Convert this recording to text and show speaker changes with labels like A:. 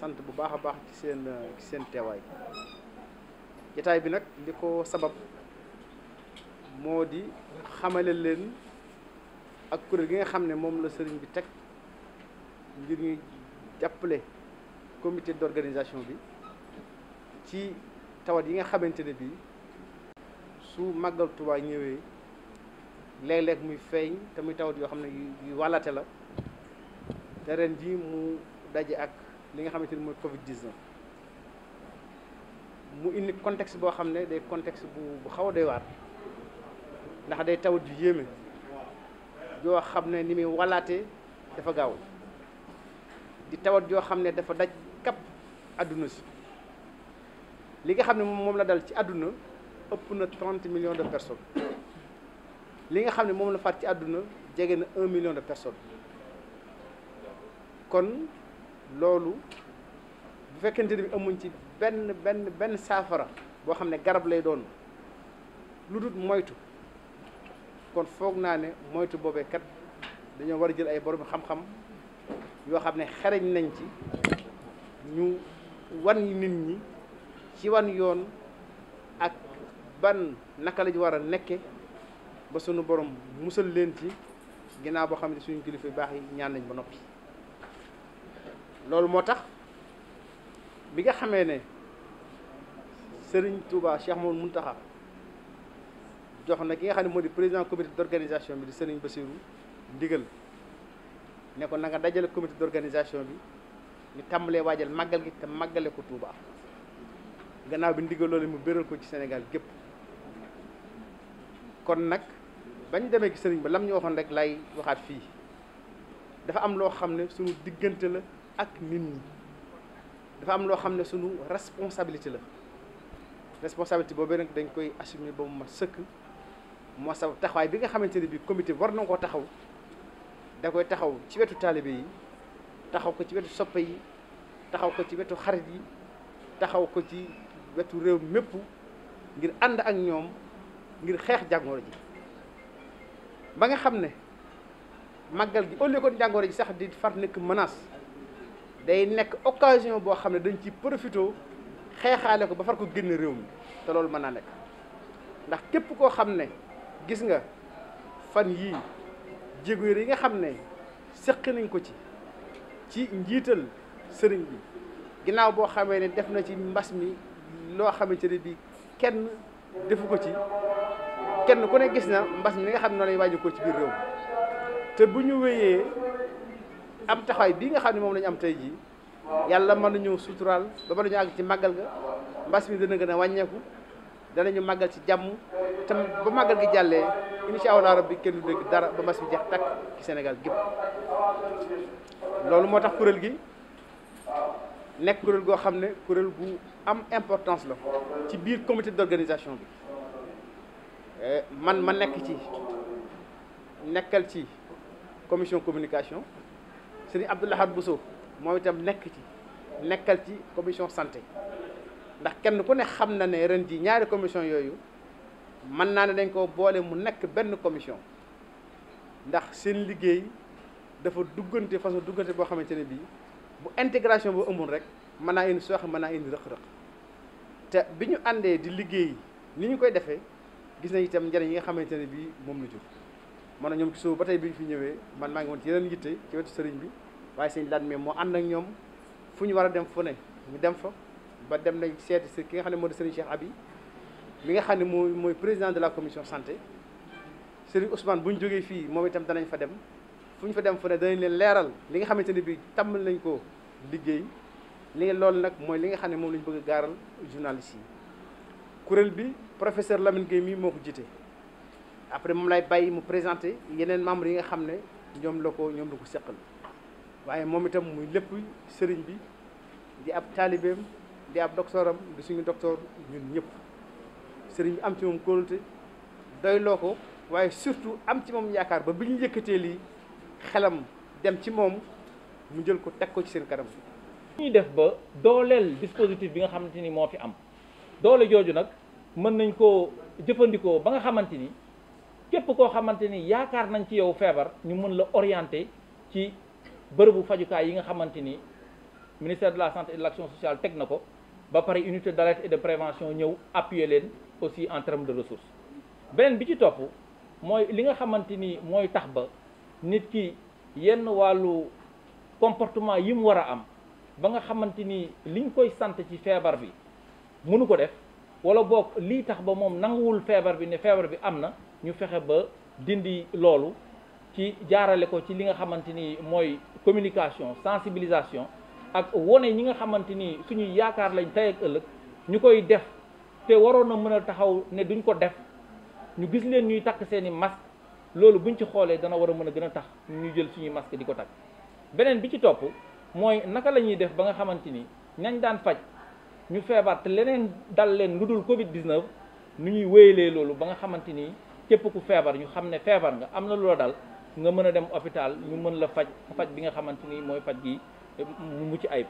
A: sant bu baax a baax ci seen seen teewaay jataay bi nag li ko sabab moo di xamale leen ak kuréel gi nga xam ne moom la sëriñ bi teg ngir ñu jàppale comité d'organisation bi ci tawat yi nga xamante ne bii su màggal ñëwee léeg-léeg muy feeñ te muy tawat yoo xam ne yu wàllate la te ren ji mu daje ak li nga xamante ni mooy Covid 19. mu indi contexte boo xam ne day contexte bu bu xaw a doy ndax day tawat ju yéeme yoo xam ne ni muy walaatee dafa gaaw di tawat yoo xam ne dafa daj kap àdduna si li nga xam ne moom la dal ci àdduna ëpp na 30 millions de personnes li nga xam ne moom la faat ci àdduna jege na un million de personnes kon. loolu bu fekkente ne bi amuñ ci benn benn benn saafara boo xam ne garab lay doon lu dul moytu kon foog naa ne moytu boobee dañoo war a jël ay borom xam-xam yoo xam ne xereñ nañ ci ñu wan nit ñi ci wan yoon ak ban naka la ñu war a nekke ba sunu borom musal leen ci ginnaaw boo xam ne suñu kilifa baax yi ñaan nañ ba noppi. loolu moo tax bi nga xamee ne Serigne Touba Cheikh Mouhamadou Mountakha jox na ki nga xam ne moo di président comité d'organisation bi di Serigne Bassirou ndigal ne ko na nga dajale comité d'organisation bi ñu tàmbalee waajal màggal gi te màggale ko Touba gannaaw bi ndigal loolu mu béral ko ci Sénégal gépp kon nag bañ demee ki sëriñ ba lam ñu waxoon rek lay waxaat fii dafa am loo xam ne suñu diggante la ak nit ñi dafa am loo xam ne sunu responsabilité la responsabilité boo nag dañ koy assumer ba mu mat sëkk moo sabab taxawaay bi nga xamante ne bii comité war na koo taxaw da koy taxaw ci wetu taalibe yi taxaw ko ci wetu soppe yi taxaw ko ci wetu xarit yi taxaw ko ci wetu réew mépp ngir ànd ak ñoom ngir xeex jàngooro ji ba nga xam ne màggal gi au lieu que jàngoro ji sax di far nekk menace day nekk occasion boo xam ne dañ ci profité xeexaale ko ba far ko génn réew mi te loolu mën naa nekk ndax képp koo xam ne gis nga fan yii jéego yi nga xam ne sëq nañ ko ci ci njiital sëriñ bi ginnaaw boo xamee ne def na ci mbas mi loo xamante ne bii kenn defu ko ci kenn ku ne gis na mbas mi li nga xam ne noonu lay waaju ko ci biir réew te bu ñu wéyee am taxawaay bii nga xam ne moom lañu am tey jii yàlla mën nañu suturaal ba mën nañu àgg ci màggal ga mbas mi dana gën a wàññeeku danañu màggal ci jàmm te ba màggal gi jàllee incha allah rabbi kenn du dégg dara ba mbas mi jeex takk ci Sénégal gépp loolu moo tax kuréel gi nekk kuréel goo xam ne kuréel gu am importance la ci biir comité d'organisation bi eh, man ma nekk ci nekkal ci commission communication sëriñ Abdou Lahad Bousso moom itam nekk ci nekkal ci commission santé ndax kenn ku ne xam na ne ren ji ñaari commission yooyu mën naa ne dañ koo boole mu nekk benn commission ndax seen liggéey dafa duggante façon duggante boo xamante ne bii bu intégration bu amul rek man naa indi sooxe mën naa indi rëq-rëq te bi ñu àndee di liggéey ni ñu koy defee gis nañ itam njëriñ yi nga xamante ne bii moom la jur man na ñoom ci suba ba tey bi ñu fi ñëwee man maa ngi woon ci yeneen yitte ci wetu sëriñ bi waaye sëñ laat mais moo ànd nag ñoom fu ñu war a dem fu ne ñu dem fa ba dem nañ seeti si ki nga xam ne moo di sëriñ Cheikh Abi mi nga xam ne mooy mooy président de la commission santé sëriñ Ousmane bu ñu jógee fii moom itam danañ fa dem fu ñu fa dem fu ne danañ leen leeral li nga xamante ne bii tàmbali nañ ko liggéey li loolu nag mooy li nga xam ne moom la ñu bëgg a gaaral journaliste yi kuréel bi professeur Lamine Gueye mii moo ko jiite après moom lay bàyyi mu présenté yeneen membres yi nga xam ne ñoom la ko ñoom la ko seqal waaye moom itam muy lépp sëriñ bi di ab taalibeem di ab doctoram di suñu docteur ñun ñëpp sëriñ bi am ci moom kóolute doyloo ko waaye surtout am ci moom yaakaar ba bi ñu yëkkatee lii xelam dem ci moom mu jël ko
B: teg ko ci seen kanam. ñuy def ba dooleel dispositif bi nga xamante ni moo fi am doole jooju nag mën nañ koo jëfandikoo ba nga xamante ni. képp koo xamante ni yaakaar nañ ci yow feebar ñu mën la orienter ci bërëbu fajukaay yi nga xamante ni ministère de la santé et de l'action sociale teg na ko ba pare unité d'alerte et de prévention ñëw appuyer leen aussi en termes de ressources beneen bi ci topp mooy li nga xamante ni mooy tax ba nit ki yenn wàllu comportement yi mu war a am ba nga xamante ni liñ koy sant ci feebar bi mënu ko def wala boog lii tax ba moom nanguwul feebar bi ne feebar bi am na ñu fexe ba dindi loolu ci jaarale ko ci li nga xamante ni mooy communication sensibilisation ak wone ñi nga xamante ni suñuy yaakaar lañ tey ak ëllëg ñu koy def te waroon na mën a taxaw ne duñ ko def ñu gis leen ñuy takk seeni masque loolu buñ ci xoolee dana war a mën a gën a tax ñu jël suñuy masque di ko takk beneen bi ci topp mooy naka lañuy def ba nga xamante ni nañ daan faj ñu feebar te leneen dal leen lu dul Covid 19 nu ñuy wéyalee loolu ba nga xamante ni képp ku feebar ñu xam ne feebar nga am na loo dal nga mën a dem hôpital ñu mën la faj faj bi nga xamante ni mooy faj gi mu mucc ayib.